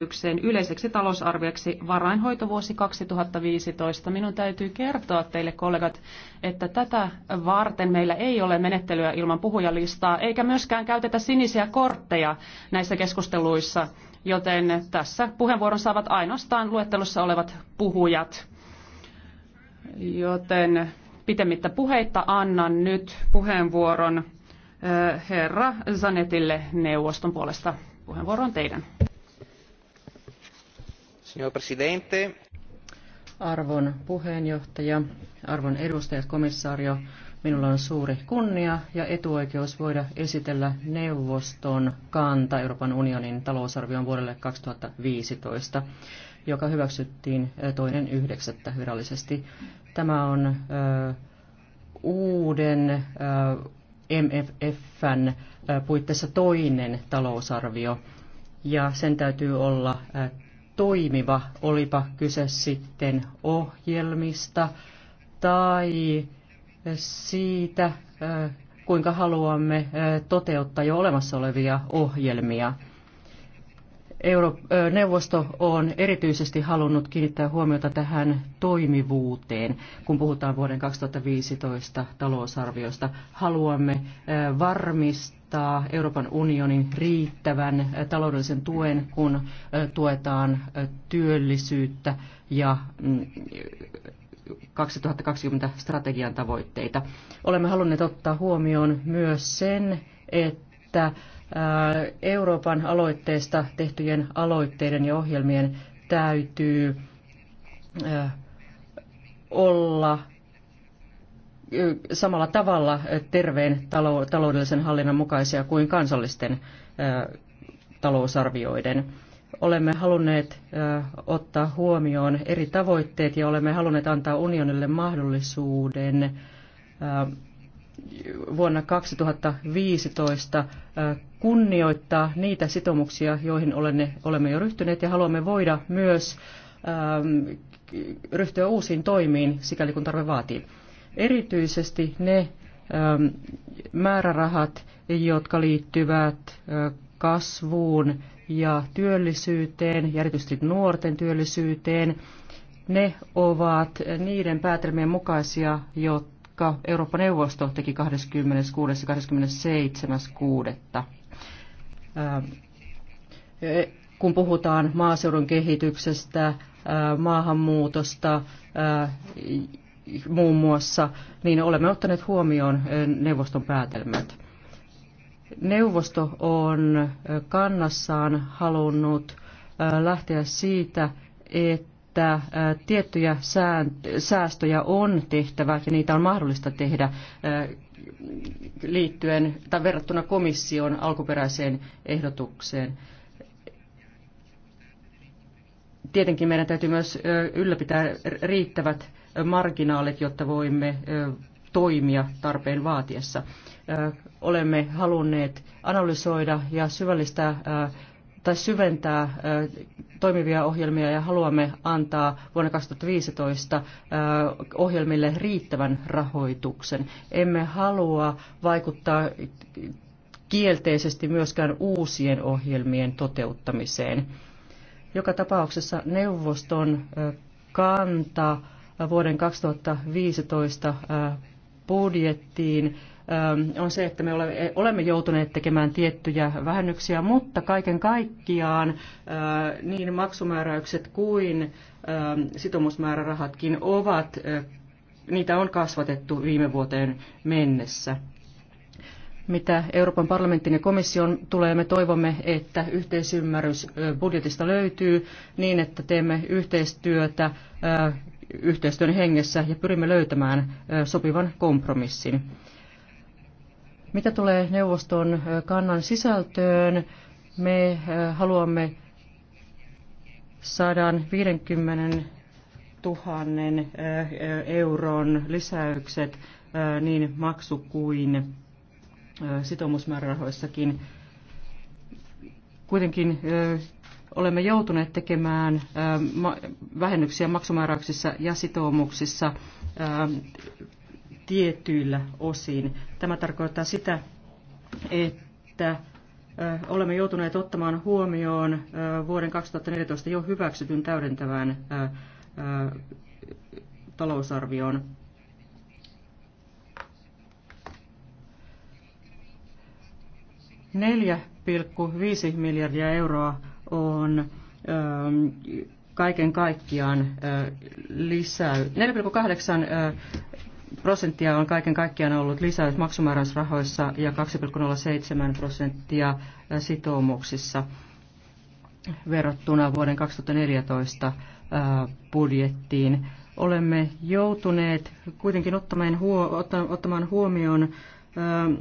esitykseen yleiseksi talousarvioksi varainhoitovuosi 2015. Minun täytyy kertoa teille kollegat, että tätä varten meillä ei ole menettelyä ilman puhujalistaa, eikä myöskään käytetä sinisiä kortteja näissä keskusteluissa, joten tässä puheenvuoron saavat ainoastaan luettelussa olevat puhujat. Joten pitemmittä puheitta annan nyt puheenvuoron eh, herra Zanetille neuvoston puolesta. Puheenvuoro on teidän. Signor Presidente. Arvon puheenjohtaja, arvon edustajat, komissaario, minulla on suuri kunnia ja etuoikeus voida esitellä neuvoston kanta Euroopan unionin talousarvion vuodelle 2015 joka hyväksyttiin toinen yhdeksättä virallisesti. Tämä on ö, uuden ö, MFFn puitteissa toinen talousarvio, ja sen täytyy olla toimiva, olipa kyse sitten ohjelmista tai siitä, kuinka haluamme toteuttaa jo olemassa olevia ohjelmia. Euro- neuvosto on erityisesti halunnut kiinnittää huomiota tähän toimivuuteen, kun puhutaan vuoden 2015 talousarviosta. Haluamme varmistaa, osoittaa Euroopan unionin riittävän taloudellisen tuen, kun tuetaan työllisyyttä ja 2020 mm, strategian tavoitteita. Olemme halunneet ottaa huomioon myös sen, että Euroopan aloitteesta tehtyjen aloitteiden ja ohjelmien täytyy olla samalla tavalla terveen taloudellisen hallinnan mukaisia kuin kansallisten talousarvioiden. Olemme halunneet ottaa huomioon eri tavoitteet ja olemme halunneet antaa unionille mahdollisuuden vuonna 2015 kunnioittaa niitä sitoumuksia, joihin olemme jo ryhtyneet ja haluamme voida myös ryhtyä uusiin toimiin, sikäli kun tarve vaatii. Erityisesti ne ähm, määrärahat, jotka liittyvät äh, kasvuun ja työllisyyteen, ja erityisesti nuorten työllisyyteen, ne ovat niiden päätelmien mukaisia, jotka Eurooppa-neuvosto teki 26. ja 27.6. Äh, kun puhutaan maaseudun kehityksestä, äh, maahanmuutosta muun muassa, niin olemme ottaneet huomioon neuvoston päätelmät. Neuvosto on kannassaan halunnut lähteä siitä, että tiettyjä säästöjä on tehtävä ja niitä on mahdollista tehdä liittyen tai verrattuna komission alkuperäiseen ehdotukseen tietenkin meidän täytyy myös ylläpitää riittävät marginaalit, jotta voimme toimia tarpeen vaatiessa. Olemme halunneet analysoida ja syvällistää tai syventää toimivia ohjelmia ja haluamme antaa vuonna 2015 ohjelmille riittävän rahoituksen. Emme halua vaikuttaa kielteisesti myöskään uusien ohjelmien toteuttamiseen. Joka tapauksessa neuvoston kanta vuoden 2015 budjettiin on se, että me olemme joutuneet tekemään tiettyjä vähennyksiä, mutta kaiken kaikkiaan niin maksumääräykset kuin sitomusmäärärahatkin ovat, niitä on kasvatettu viime vuoteen mennessä. Mitä Euroopan parlamentin ja komission tulee, me toivomme, että yhteisymmärrys budjetista löytyy niin, että teemme yhteistyötä yhteistyön hengessä ja pyrimme löytämään sopivan kompromissin. Mitä tulee neuvoston kannan sisältöön, me haluamme saada 50 000 euron lisäykset niin maksu- kuin sitoumusmäärärahoissakin. Kuitenkin olemme joutuneet tekemään vähennyksiä maksumääräyksissä ja sitoumuksissa tietyillä osin. Tämä tarkoittaa sitä, että olemme joutuneet ottamaan huomioon vuoden 2014 jo hyväksytyn täydentävän talousarvioon. Neljä 5 miljardia euroa on ähm, kaiken kaikkiaan äh, lisäys. 4,8 äh, prosenttia on kaiken kaikkiaan ollut lisäys maksumääräysrahoissa ja 2,07 prosenttia äh, sitoumuksissa verrattuna vuoden 2014 budjettiin. Olemme joutuneet kuitenkin ottamaan huomioon ähm,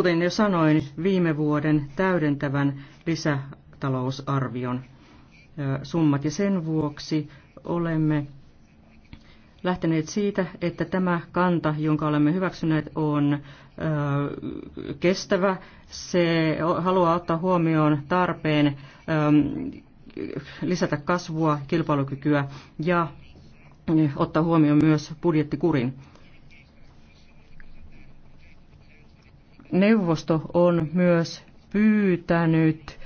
kuten jo sanoin, viime vuoden täydentävän lisätalousarvion summat. Ja sen vuoksi olemme lähteneet siitä, että tämä kanta, jonka olemme hyväksyneet, on kestävä. Se haluaa ottaa huomioon tarpeen lisätä kasvua, kilpailukykyä ja ottaa huomioon myös budjettikurin. Neuvosto on myös pyytänyt,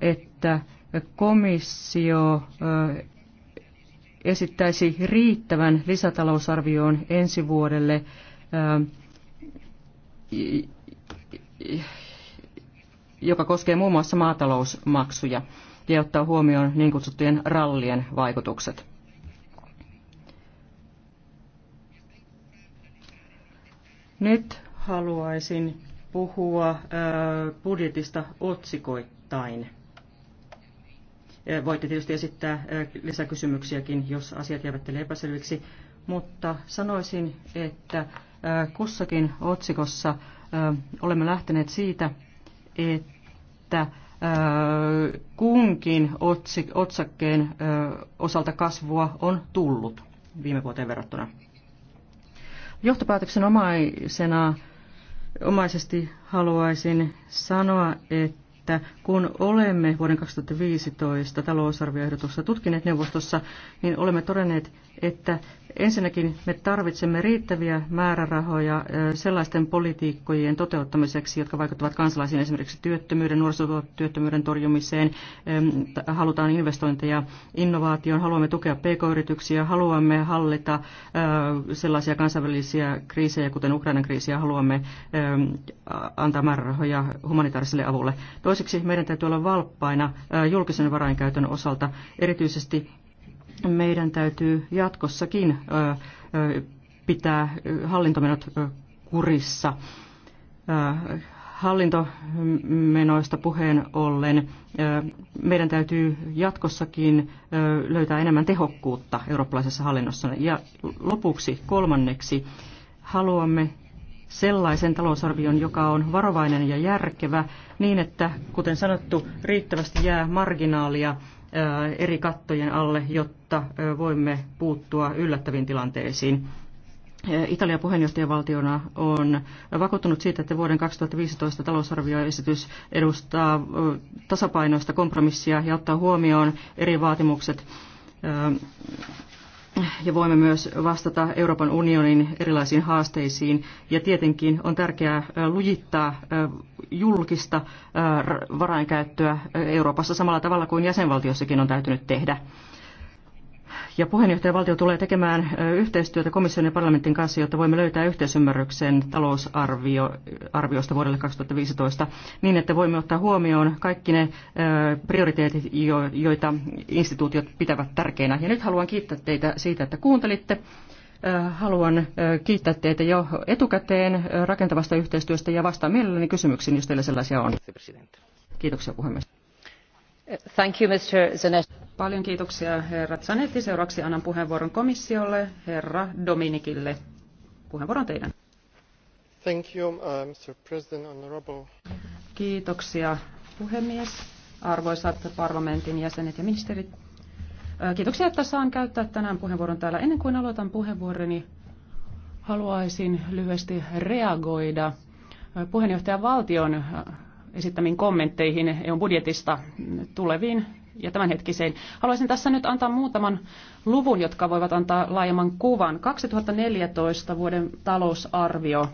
että komissio esittäisi riittävän lisätalousarvioon ensi vuodelle joka koskee muun muassa maatalousmaksuja ja ottaa huomioon niin kutsuttujen rallien vaikutukset. Nyt haluaisin puhua budjetista otsikoittain. Voitte tietysti esittää lisäkysymyksiäkin, jos asiat jäävät teille epäselviksi, mutta sanoisin, että kussakin otsikossa olemme lähteneet siitä, että kunkin otsakkeen osalta kasvua on tullut viime vuoteen verrattuna. Johtopäätöksen omaisena omaisesti haluaisin sanoa, että kun olemme vuoden 2015 talousarvioehdotusta tutkineet neuvostossa, niin olemme todenneet, että ensinnäkin me tarvitsemme riittäviä määrärahoja sellaisten politiikkojen toteuttamiseksi, jotka vaikuttavat kansalaisiin esimerkiksi työttömyyden, nuorisotyöttömyyden torjumiseen, halutaan investointeja innovaatioon, haluamme tukea pk-yrityksiä, haluamme hallita sellaisia kansainvälisiä kriisejä, kuten Ukrainan kriisiä, haluamme antaa määrärahoja humanitaariselle avulle. Toiseksi meidän täytyy olla valppaina julkisen varainkäytön osalta, erityisesti meidän täytyy jatkossakin pitää hallintomenot kurissa. Hallintomenoista puheen ollen meidän täytyy jatkossakin löytää enemmän tehokkuutta eurooppalaisessa hallinnossa. Ja lopuksi kolmanneksi haluamme sellaisen talousarvion, joka on varovainen ja järkevä niin, että kuten sanottu, riittävästi jää marginaalia Eh, eri kattojen alle, jotta eh, voimme puuttua yllättäviin tilanteisiin. Eh, Italian puheenjohtajavaltiona on vakuuttunut siitä, että vuoden 2015 talousarvioesitys edustaa tasapainoista kompromissia ja ottaa huomioon eri vaatimukset ja voimme myös vastata Euroopan unionin erilaisiin haasteisiin. Ja tietenkin on tärkeää lujittaa julkista varainkäyttöä Euroopassa samalla tavalla kuin jäsenvaltiossakin on täytynyt tehdä ja valtio tulee tekemään yhteistyötä komission ja parlamentin kanssa, jotta voimme löytää yhteisymmärryksen talousarviosta vuodelle 2015 niin, että voimme ottaa huomioon kaikki ne prioriteetit, joita instituutiot pitävät tärkeinä. Ja nyt haluan kiittää teitä siitä, että kuuntelitte haluan kiittää teitä jo etukäteen rakentavasta yhteistyöstä ja vastaan mielelläni kysymyksiin, jos teillä sellaisia on. Kiitoksia puhemies. Thank you, Mr. Zanetti. Paljon kiitoksia herra Zanetti. Seuraavaksi annan puheenvuoron komissiolle, herra Dominikille. Puheenvuoron teidän. Thank you, uh, Mr. President, honorable. Kiitoksia puhemies, arvoisat parlamentin jäsenet ja ministerit. Kiitoksia, että saan käyttää tänään puheenvuoron täällä. Ennen kuin aloitan puheenvuoroni, haluaisin lyhyesti reagoida puheenjohtajan valtion esittämiin kommentteihin eu budjetista tuleviin ja tämänhetkiseen. Haluaisin tässä nyt antaa muutaman luvun, jotka voivat antaa laajemman kuvan. 2014 vuoden talousarvio,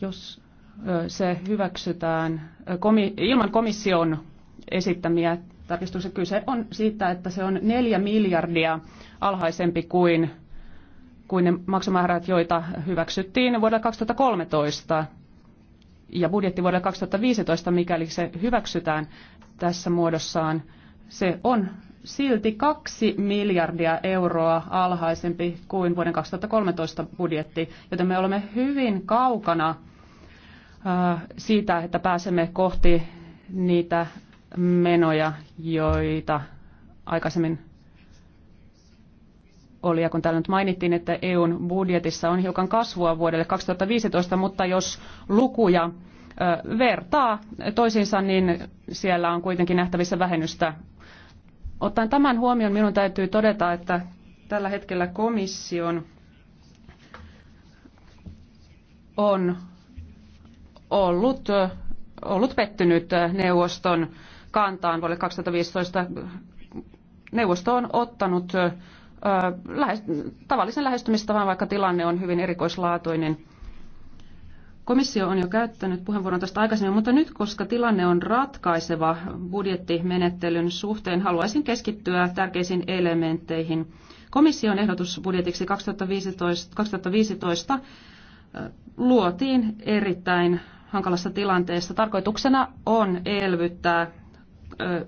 jos se hyväksytään ilman komission esittämiä tarkistuksia. Kyse on siitä, että se on neljä miljardia alhaisempi kuin, kuin ne maksumäärät, joita hyväksyttiin vuodelle 2013 ja budjetti vuodelle 2015, mikäli se hyväksytään tässä muodossaan, se on silti kaksi miljardia euroa alhaisempi kuin vuoden 2013 budjetti, joten me olemme hyvin kaukana äh, siitä, että pääsemme kohti niitä menoja, joita aikaisemmin oli, ja kun täällä nyt mainittiin, että EUn budjetissa on hiukan kasvua vuodelle 2015, mutta jos lukuja vertaa toisiinsa, niin siellä on kuitenkin nähtävissä vähennystä. Ottaen tämän huomioon minun täytyy todeta, että tällä hetkellä komission on ollut, ollut pettynyt neuvoston kantaan vuodelle 2015. Neuvosto on ottanut lähes, tavallisen lähestymistavan, vaikka tilanne on hyvin erikoislaatuinen. Komissio on jo käyttänyt puheenvuoron tästä aikaisemmin, mutta nyt, koska tilanne on ratkaiseva budjettimenettelyn suhteen, haluaisin keskittyä tärkeisiin elementteihin. Komission ehdotus budjetiksi 2015, 2015 luotiin erittäin hankalassa tilanteessa. Tarkoituksena on elvyttää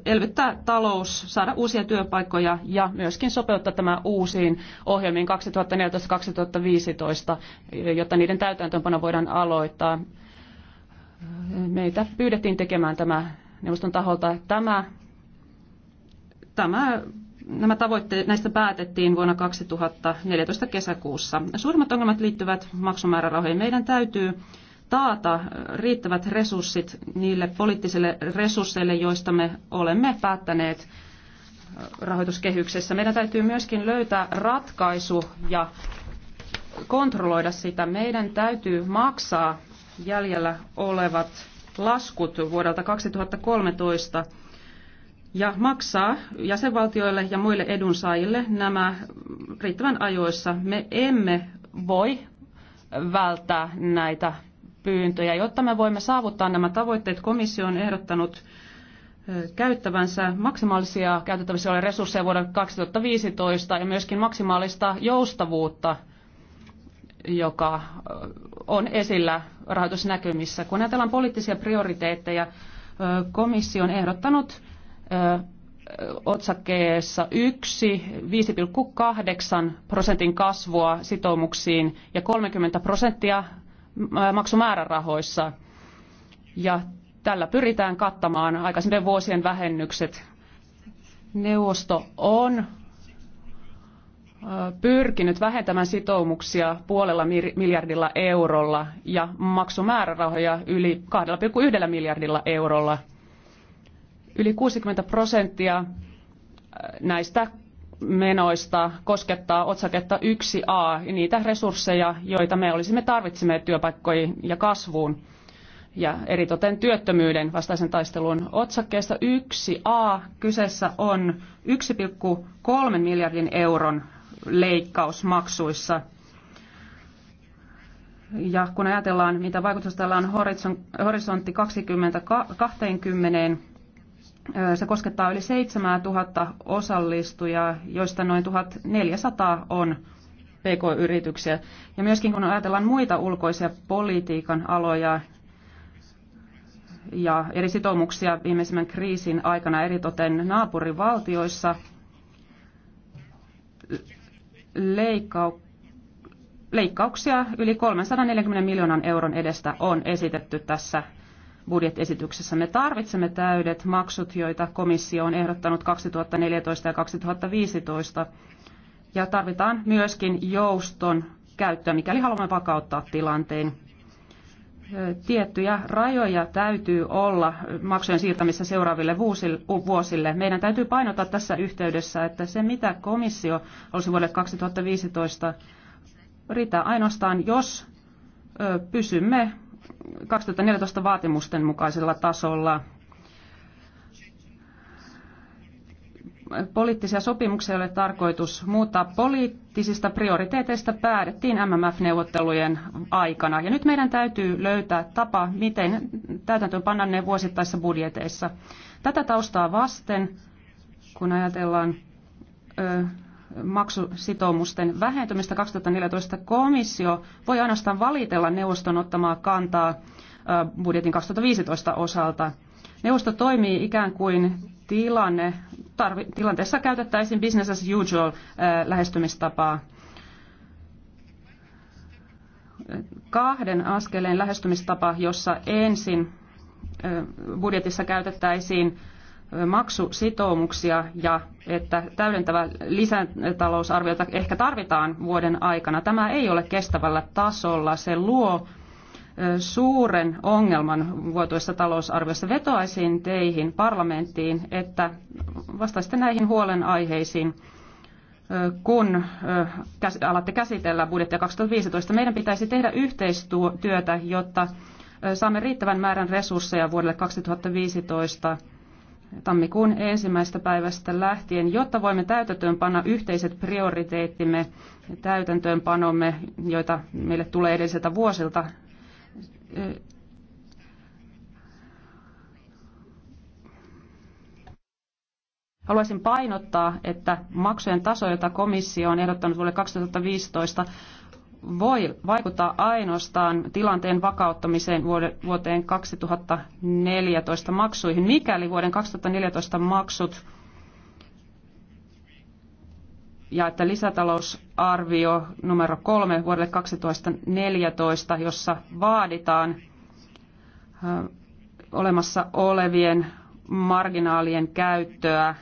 elvyttää talous, saada uusia työpaikkoja ja myöskin sopeuttaa tämä uusiin ohjelmiin 2014-2015, jotta niiden täytäntöönpano voidaan aloittaa. Meitä pyydettiin tekemään tämä neuvoston taholta. Tämä, tämä nämä tavoitteet, näistä päätettiin vuonna 2014 kesäkuussa. Suurimmat ongelmat liittyvät maksumäärärahoihin. Meidän täytyy taata riittävät resurssit niille poliittisille resursseille, joista me olemme päättäneet rahoituskehyksessä. Meidän täytyy myöskin löytää ratkaisu ja kontrolloida sitä. Meidän täytyy maksaa jäljellä olevat laskut vuodelta 2013 ja maksaa jäsenvaltioille ja muille edunsaajille nämä riittävän ajoissa. Me emme voi välttää näitä pyyntöjä. Jotta me voimme saavuttaa nämä tavoitteet, komissio on ehdottanut käyttävänsä maksimaalisia käytettävissä olevia resursseja vuodelle 2015 ja myöskin maksimaalista joustavuutta, joka on esillä rahoitusnäkymissä. Kun ajatellaan poliittisia prioriteetteja, komissio on ehdottanut otsakkeessa 1 5,8 prosentin kasvua sitoumuksiin ja 30 prosenttia maksumäärärahoissa. Ja tällä pyritään kattamaan aikaisempien vuosien vähennykset. Neuvosto on pyrkinyt vähentämään sitoumuksia puolella miljardilla eurolla ja maksumäärärahoja yli 2,1 miljardilla eurolla. Yli 60 prosenttia näistä menoista koskettaa otsaketta 1a, niitä resursseja, joita me olisimme tarvitsemme työpaikkoihin ja kasvuun ja eritoten työttömyyden vastaisen taistelun otsakkeessa 1a kyseessä on 1,3 miljardin euron leikkaus maksuissa. Ja kun ajatellaan, mitä vaikutusta tällä on horisontti 2020, se koskettaa yli 7000 osallistujaa, joista noin 1400 on PK-yrityksiä. Ja myöskin kun ajatellaan muita ulkoisia politiikan aloja ja eri sitoumuksia viimeisimmän kriisin aikana eritoten naapurivaltioissa, leikkau- leikkauksia yli 340 miljoonan euron edestä on esitetty tässä budjettiesityksessä. Me tarvitsemme täydet maksut, joita komissio on ehdottanut 2014 ja 2015. Ja tarvitaan myöskin jouston käyttöä, mikäli haluamme vakauttaa tilanteen. Tiettyjä rajoja täytyy olla maksujen siirtämissä seuraaville vuosille. Meidän täytyy painottaa tässä yhteydessä, että se mitä komissio olisi vuodelle 2015 riittää ainoastaan, jos pysymme 2014 vaatimusten mukaisella tasolla. Poliittisia sopimuksia ei tarkoitus muuttaa. Poliittisista prioriteeteista päätettiin MMF-neuvottelujen aikana. Ja nyt meidän täytyy löytää tapa, miten täytäntöön panna ne vuosittaisissa budjeteissa. Tätä taustaa vasten, kun ajatellaan ö, maksusitoumusten vähentymistä 2014 komissio voi ainoastaan valitella neuvoston ottamaa kantaa budjetin 2015 osalta. Neuvosto toimii ikään kuin tilanne, tarvi, tilanteessa käytettäisiin business as usual lähestymistapaa. Kahden askeleen lähestymistapa, jossa ensin budjetissa käytettäisiin maksusitoumuksia ja että täydentävä lisätalousarviota ehkä tarvitaan vuoden aikana. Tämä ei ole kestävällä tasolla. Se luo suuren ongelman vuotuisessa talousarviossa. Vetoaisin teihin parlamenttiin, että vastaisitte näihin huolenaiheisiin, kun alatte käsitellä budjettia 2015. Meidän pitäisi tehdä yhteistyötä, jotta saamme riittävän määrän resursseja vuodelle 2015 tammikuun ensimmäisestä päivästä lähtien, jotta voimme täytäntöönpanna yhteiset prioriteettimme ja täytäntöönpanomme, joita meille tulee edelliseltä vuosilta. Haluaisin painottaa, että maksujen taso, jota komissio on ehdottanut vuodelle 2015, voi vaikuttaa ainoastaan tilanteen vakauttamiseen vuoteen 2014 maksuihin, mikäli vuoden 2014 maksut ja että lisätalousarvio numero kolme vuodelle 2014, jossa vaaditaan olemassa olevien marginaalien käyttöä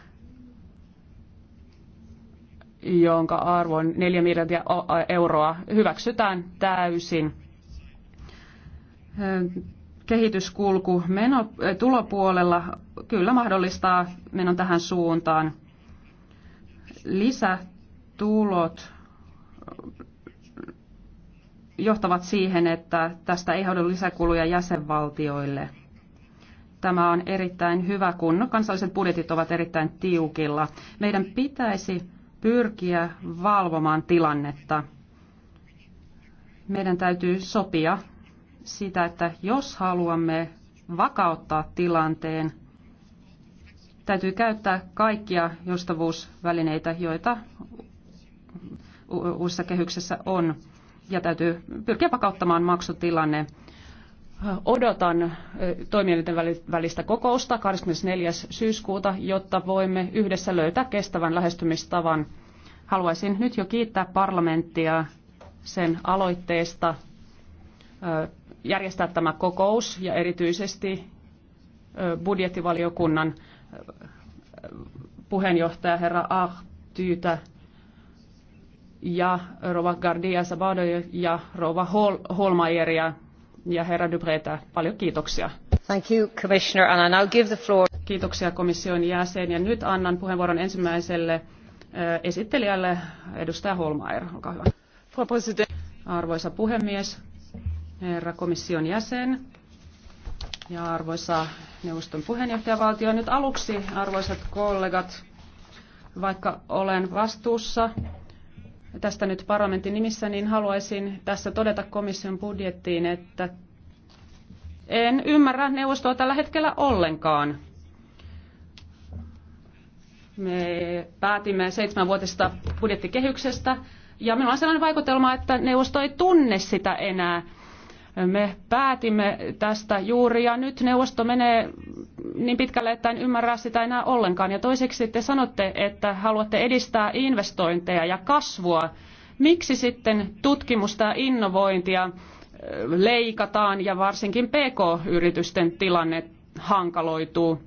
jonka arvo on 4 miljardia euroa, hyväksytään täysin. Kehityskulku meno, tulopuolella kyllä mahdollistaa menon tähän suuntaan. Lisätulot johtavat siihen, että tästä ei haudu lisäkuluja jäsenvaltioille. Tämä on erittäin hyvä, kun kansalliset budjetit ovat erittäin tiukilla. Meidän pitäisi pyrkiä valvomaan tilannetta. Meidän täytyy sopia sitä, että jos haluamme vakauttaa tilanteen, täytyy käyttää kaikkia joustavuusvälineitä, joita uudessa kehyksessä on, ja täytyy pyrkiä vakauttamaan maksutilanne odotan toimielinten välistä kokousta 24. syyskuuta, jotta voimme yhdessä löytää kestävän lähestymistavan. Haluaisin nyt jo kiittää parlamenttia sen aloitteesta järjestää tämä kokous ja erityisesti budjettivaliokunnan puheenjohtaja herra Ahtyytä ja rova Gardia Sabado ja rouva Holmajeria ja herra Dubreetä paljon kiitoksia. Thank you, Commissioner, and I now give the floor. Kiitoksia komission jäsen ja nyt annan puheenvuoron ensimmäiselle äh, esittelijälle edustaja Holmaer, Olkaa hyvä. Arvoisa puhemies, herra komission jäsen ja arvoisa neuvoston puheenjohtajavaltio. Nyt aluksi, arvoisat kollegat, vaikka olen vastuussa tästä nyt parlamentin nimissä, niin haluaisin tässä todeta komission budjettiin, että en ymmärrä neuvostoa tällä hetkellä ollenkaan. Me päätimme seitsemänvuotisesta budjettikehyksestä ja minulla on sellainen vaikutelma, että neuvosto ei tunne sitä enää. Me päätimme tästä juuri ja nyt neuvosto menee niin pitkälle, että en ymmärrä sitä enää ollenkaan. Ja toiseksi te sanotte, että haluatte edistää investointeja ja kasvua. Miksi sitten tutkimusta ja innovointia äh, leikataan ja varsinkin PK-yritysten tilanne hankaloituu?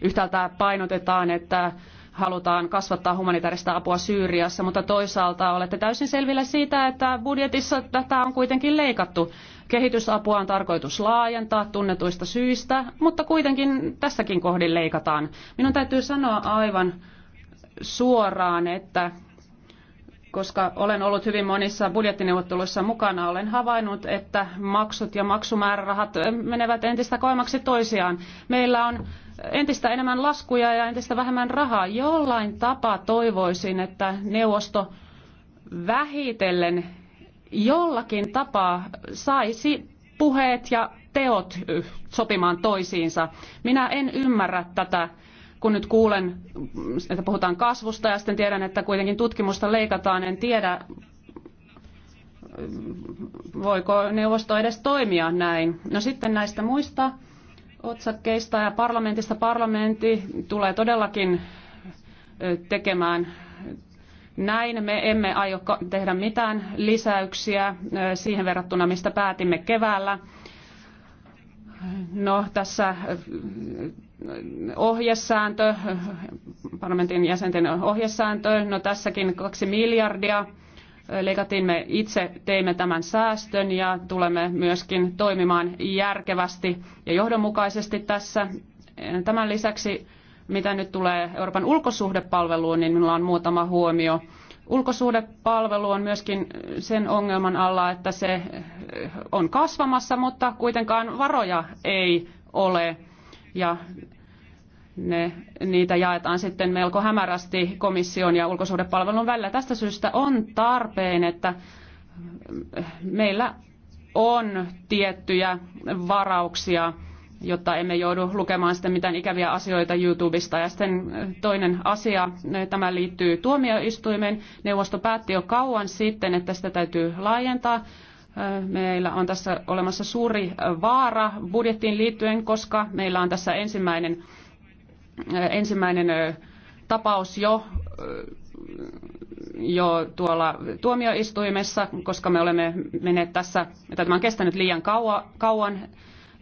Yhtäältä painotetaan, että halutaan kasvattaa humanitaarista apua Syyriassa, mutta toisaalta olette täysin selvillä siitä, että budjetissa tätä on kuitenkin leikattu. Kehitysapua on tarkoitus laajentaa tunnetuista syistä, mutta kuitenkin tässäkin kohdin leikataan. Minun täytyy sanoa aivan suoraan, että koska olen ollut hyvin monissa budjettineuvotteluissa mukana, olen havainnut, että maksut ja maksumäärärahat menevät entistä koimaksi toisiaan. Meillä on entistä enemmän laskuja ja entistä vähemmän rahaa. Jollain tapaa toivoisin, että neuvosto vähitellen jollakin tapaa saisi puheet ja teot sopimaan toisiinsa. Minä en ymmärrä tätä, kun nyt kuulen, että puhutaan kasvusta ja sitten tiedän, että kuitenkin tutkimusta leikataan, en tiedä, voiko neuvosto edes toimia näin. No sitten näistä muista otsakkeista ja parlamentista parlamentti tulee todellakin tekemään näin me emme aio tehdä mitään lisäyksiä siihen verrattuna, mistä päätimme keväällä. No, tässä ohjesääntö, parlamentin jäsenten ohjesääntö, no tässäkin kaksi miljardia leikattiin, me itse teimme tämän säästön ja tulemme myöskin toimimaan järkevästi ja johdonmukaisesti tässä. Tämän lisäksi mitä nyt tulee Euroopan ulkosuhdepalveluun, niin minulla on muutama huomio. Ulkosuhdepalvelu on myöskin sen ongelman alla, että se eh, on kasvamassa, mutta kuitenkaan varoja ei ole. Ja ne, niitä jaetaan sitten melko hämärästi komission ja ulkosuhdepalvelun välillä. Tästä syystä on tarpeen, että eh, meillä on tiettyjä varauksia jotta emme joudu lukemaan sitten mitään ikäviä asioita YouTubesta. Ja sitten toinen asia, tämä liittyy tuomioistuimeen. Neuvosto päätti jo kauan sitten, että sitä täytyy laajentaa. Meillä on tässä olemassa suuri vaara budjettiin liittyen, koska meillä on tässä ensimmäinen, ensimmäinen tapaus jo jo tuolla tuomioistuimessa, koska me olemme menneet tässä, että tämä on kestänyt liian kauan,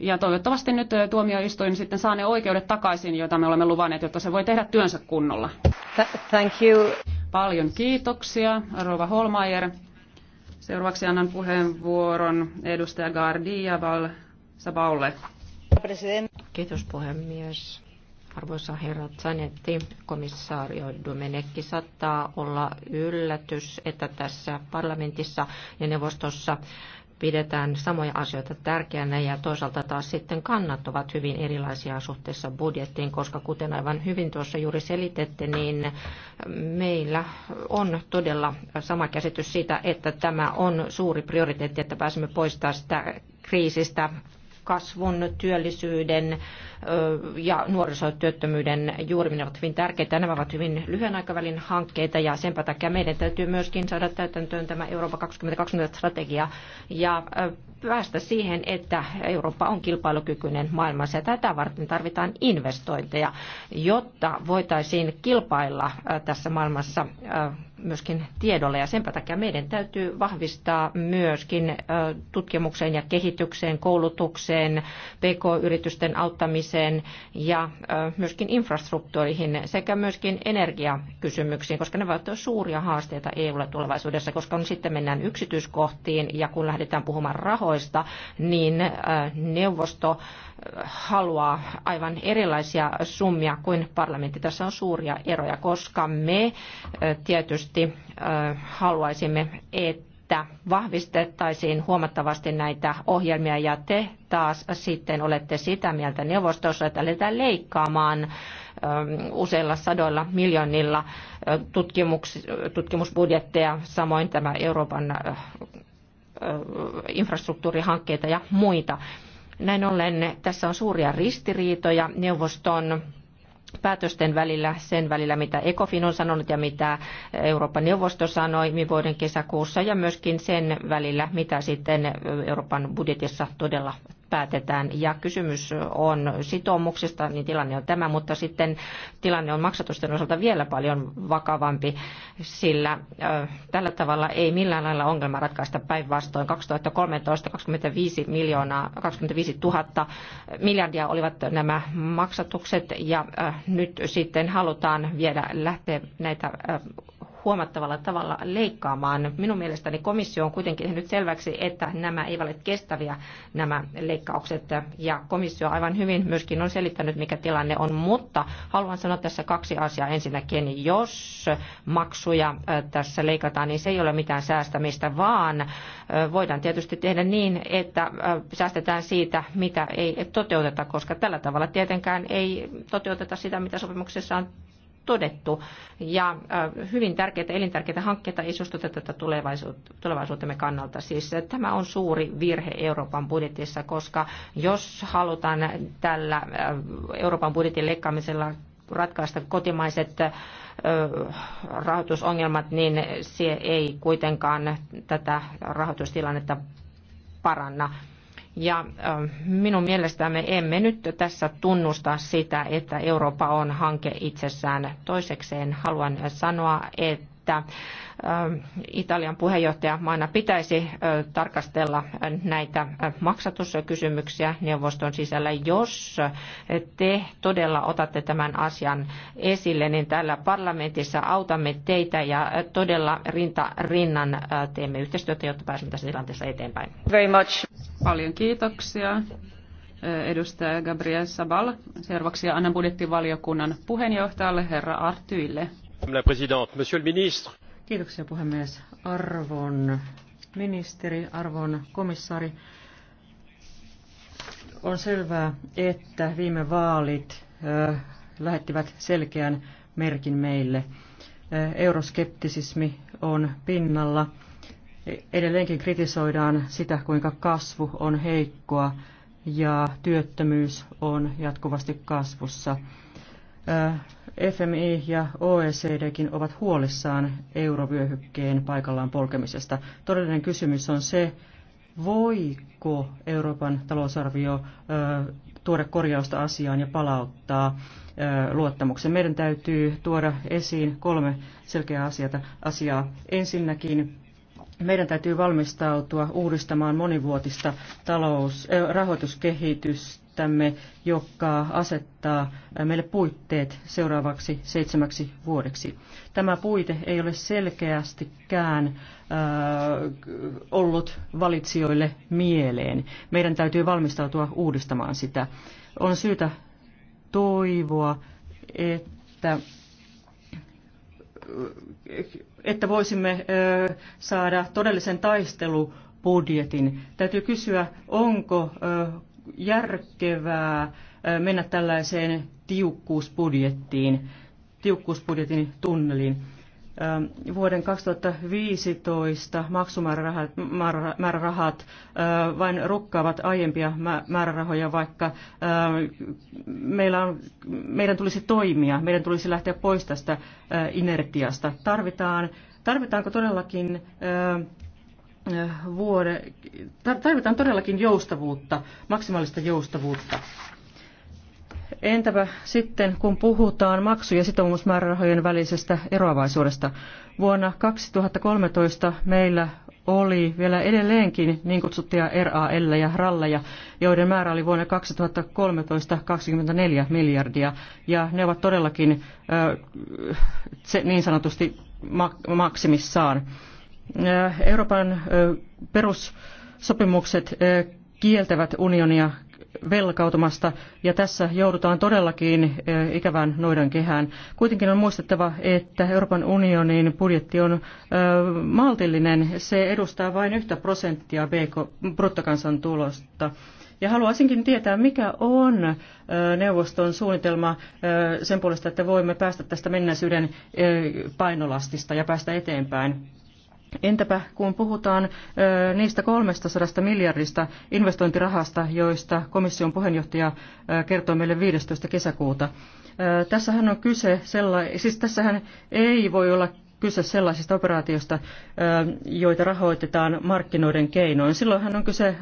ja toivottavasti nyt tuomioistuin sitten saa ne oikeudet takaisin, joita me olemme luvanneet, jotta se voi tehdä työnsä kunnolla. Thank you. Paljon kiitoksia, Rova Holmeier. Seuraavaksi annan puheenvuoron edustaja Gardia Val Sabaulle. Kiitos puhemies. Arvoisa herra Zanetti, komissaario Domenekki, saattaa olla yllätys, että tässä parlamentissa ja neuvostossa pidetään samoja asioita tärkeänä ja toisaalta taas sitten kannat ovat hyvin erilaisia suhteessa budjettiin, koska kuten aivan hyvin tuossa juuri selitette, niin meillä on todella sama käsitys siitä, että tämä on suuri prioriteetti, että pääsemme poistamaan tästä kriisistä kasvun, työllisyyden ja nuorisotyöttömyyden juuriminen ovat hyvin tärkeitä. Nämä ovat hyvin lyhyen aikavälin hankkeita ja sen takia meidän täytyy myöskin saada täytäntöön tämä Eurooppa 2020 strategia ja päästä siihen, että Eurooppa on kilpailukykyinen maailmassa ja tätä varten tarvitaan investointeja, jotta voitaisiin kilpailla tässä maailmassa myöskin tiedolle ja sen takia meidän täytyy vahvistaa myöskin tutkimukseen ja kehitykseen, koulutukseen, pk-yritysten auttamiseen ja myöskin infrastruktuurihin sekä myöskin energiakysymyksiin, koska ne ovat suuria haasteita EUlle tulevaisuudessa, koska kun sitten mennään yksityiskohtiin ja kun lähdetään puhumaan rahoista, niin neuvosto haluaa aivan erilaisia summia kuin parlamentti. Tässä on suuria eroja, koska me tietysti haluaisimme, että että vahvistettaisiin huomattavasti näitä ohjelmia ja te taas sitten olette sitä mieltä neuvostossa, että aletään leikkaamaan useilla sadoilla miljoonilla tutkimus, tutkimusbudjetteja, samoin tämä Euroopan infrastruktuurihankkeita ja muita. Näin ollen tässä on suuria ristiriitoja neuvoston päätösten välillä, sen välillä mitä ECOFIN on sanonut ja mitä Euroopan neuvosto sanoi viime niin vuoden kesäkuussa ja myöskin sen välillä, mitä sitten Euroopan budjetissa todella päätetään. Ja kysymys on sitoumuksista, niin tilanne on tämä, mutta sitten tilanne on maksatusten osalta vielä paljon vakavampi, sillä tällä tavalla ei millään lailla ongelma ratkaista päinvastoin. 2013 25 miljoonaa, 25 000 miljardia olivat nämä maksatukset ja nyt sitten halutaan viedä lähteä näitä huomattavalla tavalla leikkaamaan. Minun mielestäni komissio on kuitenkin tehnyt selväksi, että nämä eivät ole kestäviä nämä leikkaukset ja komissio aivan hyvin myöskin on selittänyt, mikä tilanne on, mutta haluan sanoa tässä kaksi asiaa. Ensinnäkin, jos maksuja tässä leikataan, niin se ei ole mitään säästämistä, vaan voidaan tietysti tehdä niin, että säästetään siitä, mitä ei toteuteta, koska tällä tavalla tietenkään ei toteuteta sitä, mitä sopimuksessa on todettu. Ja hyvin tärkeitä, elintärkeitä hankkeita ei tätä tulevaisuutemme kannalta. Siis tämä on suuri virhe Euroopan budjetissa, koska jos halutaan tällä Euroopan budjetin leikkaamisella ratkaista kotimaiset rahoitusongelmat, niin se ei kuitenkaan tätä rahoitustilannetta paranna. Ja minun mielestäni me emme nyt tässä tunnusta sitä, että Eurooppa on hanke itsessään. Toisekseen haluan sanoa, että että Italian puheenjohtajamaana pitäisi tarkastella näitä maksatuskysymyksiä neuvoston sisällä. Jos te todella otatte tämän asian esille, niin täällä parlamentissa autamme teitä ja todella rinta rinnan teemme yhteistyötä, jotta pääsemme tässä tilanteessa eteenpäin. Very much. Paljon kiitoksia. Edustaja Gabriel Sabal, seuraavaksi annan budjettivaliokunnan puheenjohtajalle herra Artyille. Kiitoksia puhemies. Arvon ministeri, arvon komissaari. On selvää, että viime vaalit ö, lähettivät selkeän merkin meille. Euroskeptisismi on pinnalla. E, edelleenkin kritisoidaan sitä, kuinka kasvu on heikkoa ja työttömyys on jatkuvasti kasvussa. FMI ja OECDkin ovat huolissaan eurovyöhykkeen paikallaan polkemisesta. Todellinen kysymys on se, voiko Euroopan talousarvio ö, tuoda korjausta asiaan ja palauttaa ö, luottamuksen. Meidän täytyy tuoda esiin kolme selkeää asiata, asiaa. Ensinnäkin meidän täytyy valmistautua uudistamaan monivuotista talous, ö, rahoituskehitystä käyttämme, joka asettaa meille puitteet seuraavaksi seitsemäksi vuodeksi. Tämä puite ei ole selkeästikään äh, ollut valitsijoille mieleen. Meidän täytyy valmistautua uudistamaan sitä. On syytä toivoa, että että voisimme äh, saada todellisen taistelubudjetin. Täytyy kysyä, onko äh, järkevää mennä tällaiseen tiukkuusbudjettiin, tiukkuusbudjetin tunneliin. Vuoden 2015 maksumäärärahat vain rukkaavat aiempia määrärahoja, vaikka meillä on, meidän tulisi toimia, meidän tulisi lähteä pois tästä inertiasta. Tarvitaan, tarvitaanko todellakin vuode, tarvitaan todellakin joustavuutta, maksimaalista joustavuutta. Entäpä sitten, kun puhutaan maksu- ja sitoumusmäärärahojen välisestä eroavaisuudesta? Vuonna 2013 meillä oli vielä edelleenkin niin kutsuttuja RAL ja ralleja, joiden määrä oli vuonna 2013 24 miljardia. Ja ne ovat todellakin niin sanotusti maksimissaan. Äh, Euroopan äh, perussopimukset äh, kieltävät unionia velkautumasta ja tässä joudutaan todellakin ikävään noidankehään. Kuitenkin on muistettava, että Euroopan unionin budjetti on maltillinen. Se edustaa vain yhtä prosenttia bruttokansantulosta. Ja haluaisinkin tietää, mikä on neuvoston suunnitelma sen puolesta, että voimme päästä tästä menneisyyden painolastista ja päästä eteenpäin. Entäpä kun puhutaan ö, niistä 300 miljardista investointirahasta, joista komission puheenjohtaja ö, kertoi meille 15. kesäkuuta. Ö, tässähän on kyse sella, siis tässähän ei voi olla kyse sellaisista operaatioista, joita rahoitetaan markkinoiden keinoin. Silloinhan on kyse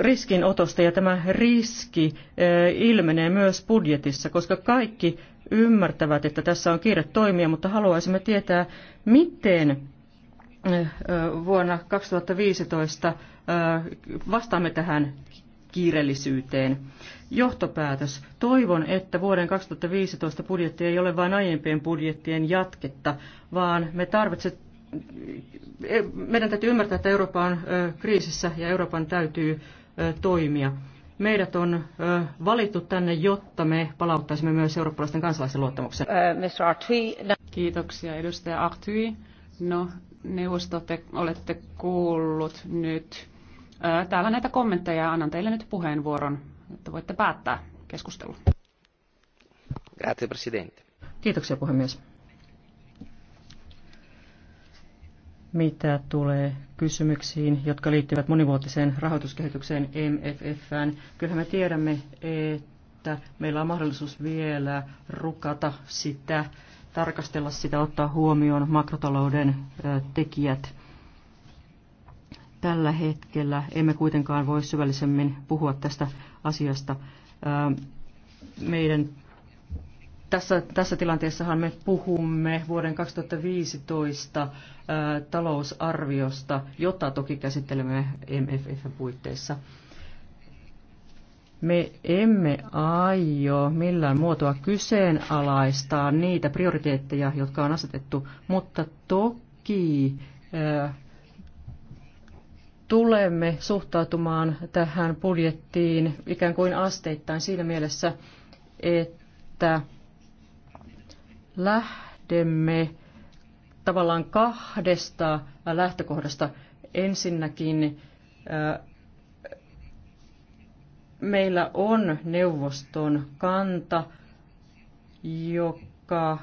riskinotosta ja tämä riski ilmenee myös budjetissa, koska kaikki ymmärtävät, että tässä on kiire toimia, mutta haluaisimme tietää, miten vuonna 2015 vastaamme tähän kiireellisyyteen. Johtopäätös. Toivon, että vuoden 2015 budjetti ei ole vain aiempien budjettien jatketta, vaan me tarvitset, e, meidän täytyy ymmärtää, että Eurooppa on kriisissä ja Euroopan täytyy toimia. Meidät on valittu tänne, jotta me palauttaisimme myös eurooppalaisten kansalaisten luottamuksen. No- Kiitoksia, edustaja Artui. No, neuvosto te olette kuullut nyt. Täällä näitä kommentteja annan teille nyt puheenvuoron, että voitte päättää keskustelun. Grazie, presidente. Kiitoksia puhemies. Mitä tulee kysymyksiin, jotka liittyvät monivuotiseen rahoituskehitykseen MFFään, kyllähän me tiedämme, että meillä on mahdollisuus vielä rukata sitä tarkastella sitä, ottaa huomioon makrotalouden tekijät. Tällä hetkellä emme kuitenkaan voi syvällisemmin puhua tästä asiasta. Meidän tässä, tässä tilanteessahan me puhumme vuoden 2015 talousarviosta, jota toki käsittelemme mff puitteissa. Me emme aio millään muotoa kyseenalaistaa niitä prioriteetteja, jotka on asetettu, mutta toki tulemme suhtautumaan tähän budjettiin ikään kuin asteittain siinä mielessä, että lähdemme tavallaan kahdesta lähtökohdasta. Ensinnäkin meillä on neuvoston kanta, joka äh,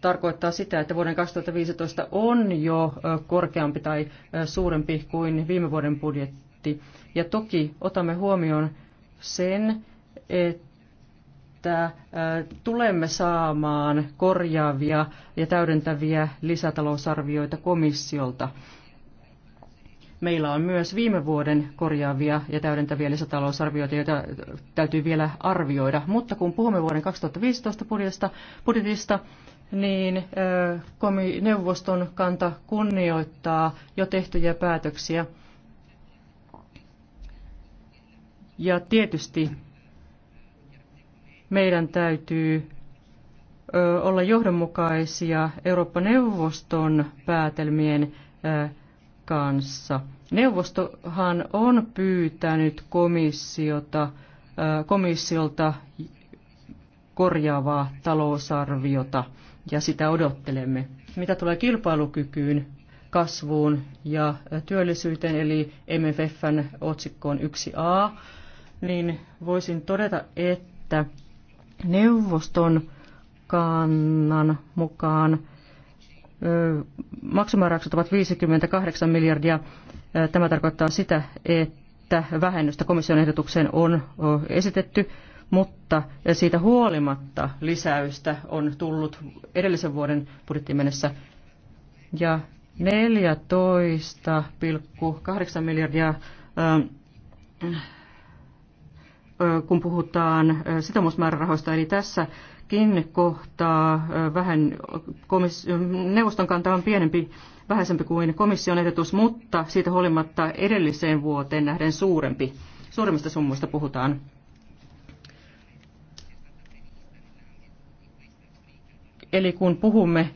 tarkoittaa sitä, että vuoden 2015 on jo äh, korkeampi tai äh, suurempi kuin viime vuoden budjetti. Ja toki otamme huomioon sen, että tulemme saamaan korjaavia ja täydentäviä lisätalousarvioita komissiolta Meillä on myös viime vuoden korjaavia ja täydentäviä lisätalousarvioita, joita täytyy vielä arvioida. Mutta kun puhumme vuoden 2015 budjetista, budjetista niin neuvoston kanta kunnioittaa jo tehtyjä päätöksiä. Ja tietysti meidän täytyy olla johdonmukaisia Eurooppa-neuvoston päätelmien kanssa. Neuvostohan on pyytänyt komissiota, komissiolta korjaavaa talousarviota ja sitä odottelemme. Mitä tulee kilpailukykyyn, kasvuun ja työllisyyteen, eli MFFn otsikkoon 1a, niin voisin todeta, että neuvoston kannan mukaan maksumääräykset ovat 58 miljardia. Tämä tarkoittaa sitä, että vähennystä komission ehdotukseen on esitetty, mutta siitä huolimatta lisäystä on tullut edellisen vuoden budjettiin mennessä. Ja 14,8 miljardia, kun puhutaan sitoumusmäärärahoista, eli tässä tätäkin kohtaa vähän neuvoston kanta on pienempi, vähäisempi kuin komission ehdotus, mutta siitä huolimatta edelliseen vuoteen nähden suurempi. Suuremmista summoista puhutaan. Eli kun puhumme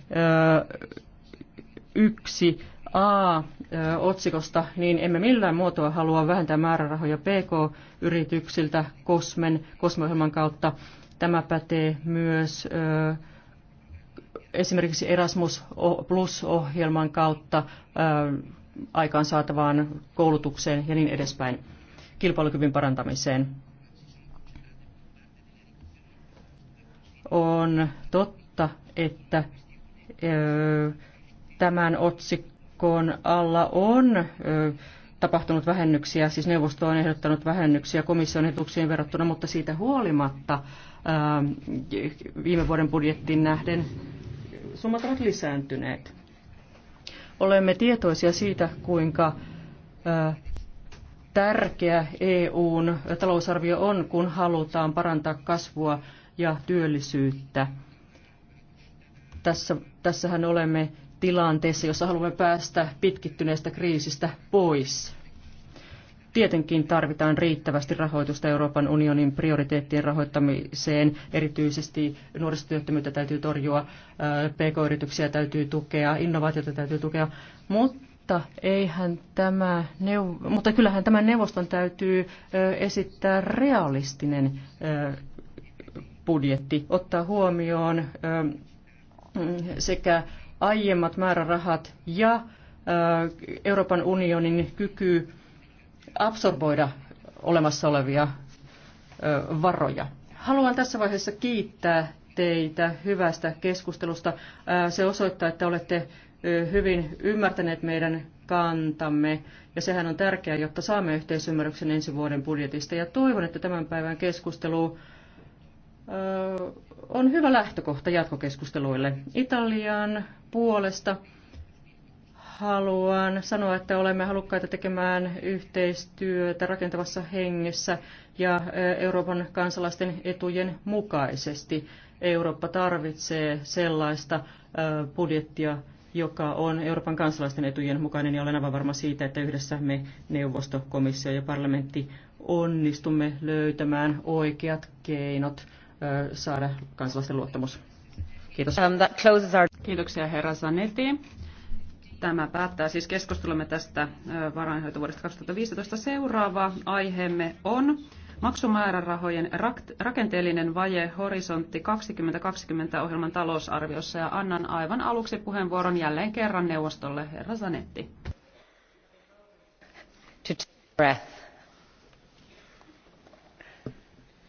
yksi A-otsikosta, niin emme millään muotoa halua vähentää määrärahoja PK-yrityksiltä kosmen cosme kautta Tämä pätee myös esimerkiksi Erasmus Plus-ohjelman kautta aikaansaatavaan koulutukseen ja niin edespäin kilpailukyvyn parantamiseen. On totta, että tämän otsikon alla on tapahtunut vähennyksiä, siis neuvosto on ehdottanut vähennyksiä komission etuuksiin verrattuna, mutta siitä huolimatta viime vuoden budjettiin nähden summat ovat lisääntyneet. Olemme tietoisia siitä, kuinka tärkeä EUn talousarvio on, kun halutaan parantaa kasvua ja työllisyyttä. Tässä, tässähän olemme tilanteessa, jossa haluamme päästä pitkittyneestä kriisistä pois. Tietenkin tarvitaan riittävästi rahoitusta Euroopan unionin prioriteettien rahoittamiseen. Erityisesti nuorisotyöttömyyttä täytyy torjua, äh, pk-yrityksiä täytyy tukea, innovaatiota täytyy tukea, mutta eihän tämä neuv- mutta kyllähän tämän neuvoston täytyy äh, esittää realistinen äh, budjetti, ottaa huomioon sekä aiemmat määrärahat ja Euroopan unionin kyky absorboida olemassa olevia varoja. Haluan tässä vaiheessa kiittää teitä hyvästä keskustelusta. Se osoittaa, että olette hyvin ymmärtäneet meidän kantamme, ja sehän on tärkeää, jotta saamme yhteisymmärryksen ensi vuoden budjetista. Ja toivon, että tämän päivän keskustelu on hyvä lähtökohta jatkokeskusteluille. Italian puolesta haluan sanoa, että olemme halukkaita tekemään yhteistyötä rakentavassa hengessä ja Euroopan kansalaisten etujen mukaisesti. Eurooppa tarvitsee sellaista budjettia, joka on Euroopan kansalaisten etujen mukainen, ja olen aivan varma siitä, että yhdessä me neuvosto, komissio ja parlamentti onnistumme löytämään oikeat keinot – saada kansalaisten luottamus. Kiitos. Um, Kiitoksia herra Zanetti. Tämä päättää siis keskustelumme tästä varainhoitovuodesta 2015. Seuraava aiheemme on maksumäärärahojen rakenteellinen vaje Horisontti 2020 ohjelman talousarviossa ja annan aivan aluksi puheenvuoron jälleen kerran neuvostolle herra Zanetti. To breath.